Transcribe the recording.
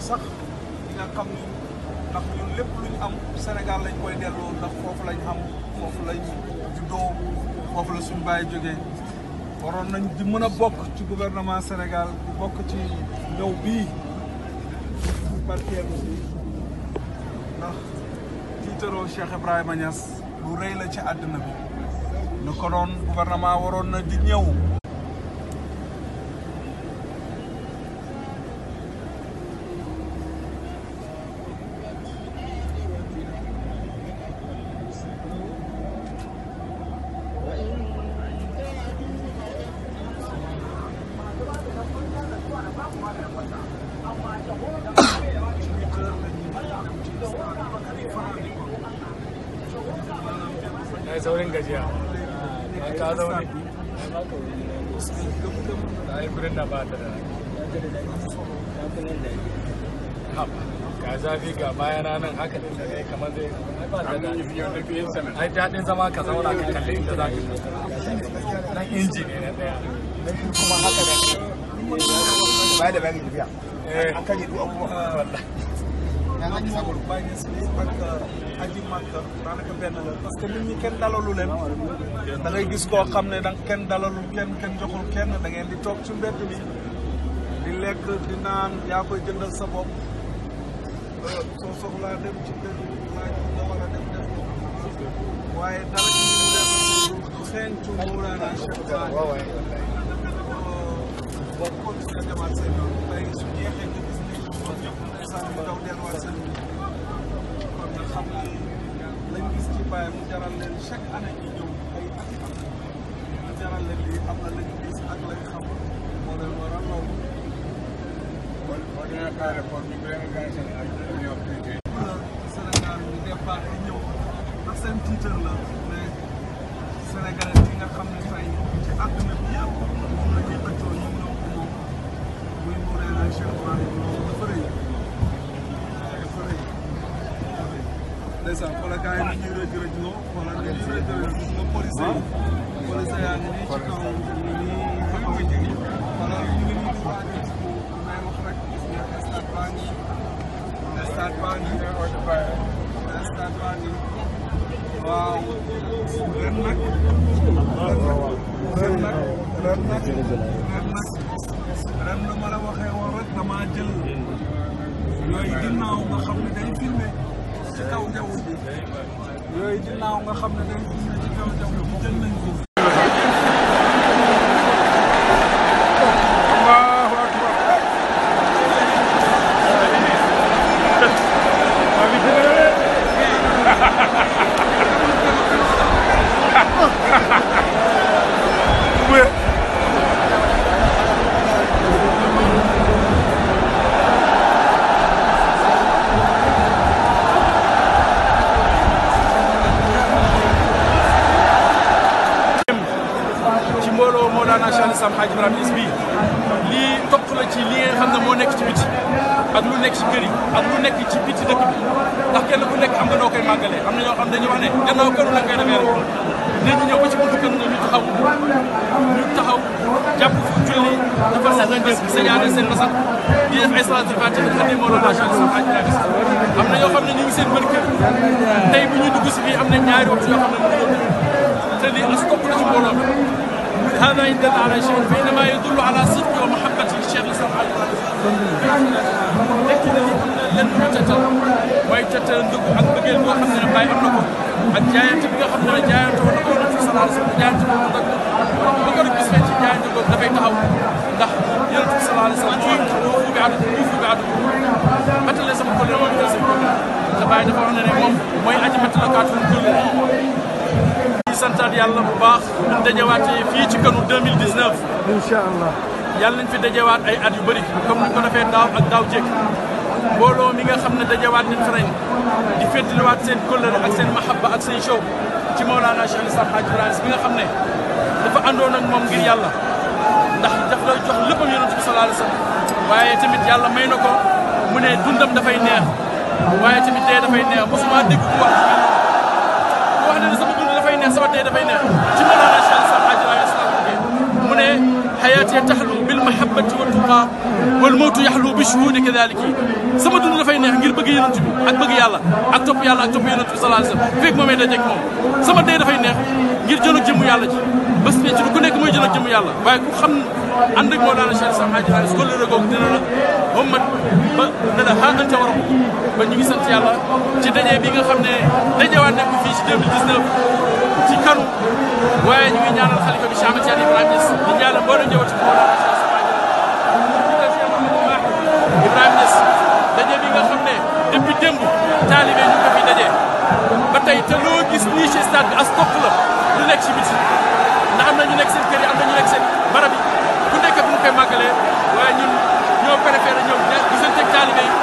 ñaanal sax di nga ni ndax ñun lépp lu am Sénégal lañ koy delloo ndax foofu lañ am foofu lañ juddoo foofu la suñu bàyyi jógee waroon nañ di mën bokk ci gouvernement Sénégal di bokk ci ñëw bii di barkeelu si ndax tiitaroo Cheikh Ibrahima Niass lu rëy la ci àddina bi ñu ko doon gouvernement waroon na di ñëw mai saurin gajiya ka zaune ai gurin na ba ta da ga zafi ga bayan ranar haka ne da zai kamar zai ba da da zama ka zauna ka kalli inda za ka nan inji na ɗaya kuma haka yaa euh, parce que nit ñi kenn dalalu leen da gis koo xam ne da kenn dalalu kenn kenn joxul kenn da ngeen di toog ci mbedd bi di lekk di naan yaa koy jëndal sa bopp euh, soo soxlaa dem ci mbedd bi waaye dara xeentu Mawlana Cheikh Ba kon seen yoon tey su jeexee nga gis delluwaat seen kon nga xam ne lañ gis ci bàyyi mu jaral leen chaque année ñu ñëw ay at at mu jaral leen lii am na lañ gis ak lañ xam moo leen waral loolu. kon ordinateur réforme bi nga gaañ seen ay ñoo tuuti. Sénégal ñu départ di ñëw ndax seen titre la mais Sénégal yi nga xam ne tey ci àdduna bi yëpp moom la ñuy xëccoo ñu ñëw moom muy mu réeral chef ndeysaan xoolal gars yi ñuy rëj rëj loo xoolal ñuy rëj rëj gis nga police yi police yaa ngi nii ci kaw ñu ngi xamante ni xoolal ñu ngi nii waa ji may wax rek gis nga stade baa ngi stade baa ngi stade baa ngi waaw ren nag ren nag ren nag ren nag ma la waxee woon rek damaa jël yooyu ginnaaw nga xam ne day filmé ci kaw jaww ji yooyu ginnaaw nga xam ne dañ ci kaw jaww ji jël nañ ko la ci li nga xam ne moo nekk ci biti ak lu nekk ci kër yi ak lu nekk ci biti dëkk bi ndax kenn ku nekk am nga noo koy màggalee am na ñoo xam dañuy wax ne gannaaw këru la ngay demee rek dañu ñëw ba ci buntu kër na ñu taxaw ñu taxaw jàpp fu julli dafa sañaane seen basal di def ay salaat fatiha xam ne moo la macha allah am na ñoo xam ne ñu ngi seen bër kër tey bu ñu dugg si fii am na ñaari waxtu yoo xam ne mënuñoo te lii as topp la ci mbooloo هذا إن دل على شيء فإنما يدل على صدق ومحبة للشيخ الإسلام عليه lenn mu tëtal waaye tëtal dëgg ak bëggeel boo xam ne bàyyi am na ko ak jaayante bi nga xam ne jaayante woon na ko woon sallallahu alayhi wa sallam jaayante boobu nag ba ko gis ci jaayante boobu dafay taxaw ndax yonent bi sallallahu alayhi wa sallam ci boo fubi adu boo fubi adu mattale sama xol moom itam sama xol te bàyyi dafa wax ne ne moom mooy aji mattale kaatu julli santaat yàlla bu baax ñun dajewaatee fii ci kanu 2019. incha allah yàlla nañ fi dajewaat ay at yu bëri comme ni ko daaw ak daaw jékk mbooloo mi nga xam ne dajewaat nañ fi ren di seen kóllëre ak seen mahabba ak seen show ci Mawlana a Al Islam Hadj Ibrahima bi nga xam ne dafa àndoon ak moom ngir yàlla ndax daf la jox léppam yonent bi waaye tamit yàlla may na ko mu ne dundam dafay neex waaye tamit dee dafay neex mosuma dégg ku wax sabatee dafay neex ci Mawlana Cheikh Al Hadj Raye Islam mu ne xayaatee taxlu bil mahabbati wa tuqa wal mawtu yaxlu bi shuhuudi kadaliki sama dund dafay neex ngir bëgg yonent bi ak bëgg yàlla ak topp yàlla ak topp yonent bi sallallahu alayhi wasallam fekk moomee dajeeg moom sama dee dafay neex ngir jël ak jëmmu yàlla ji bés ne ci ku nekk mooy jël ak jëmmu yàlla waaye ku xam ànd ak Mawlana Cheikh Al Hadj Raye Islam la googu dina la hommat ba ne la xaaral ba ñu ngi sant yàlla ci daje bi nga waaye ñu ngi ñaanal xalifa bi Cheikh Ahmed Tidiane Ibrahima Niass di ñaanal mboolem njabootu Mawlana Cheikh Ibrahima Niass daje bi nga xam ne depuis démb taalibe ñu ko fi daje ba tey te loo gis nii ci stade bi as topp la lu nekk ci biti ndax am na ñu nekk seen kër yi am na ñu nekk seen barab yi ku nekk bu ñu koy màggalee waaye ñun ñoo préféré ñoom ña gisanteeg taalibe yi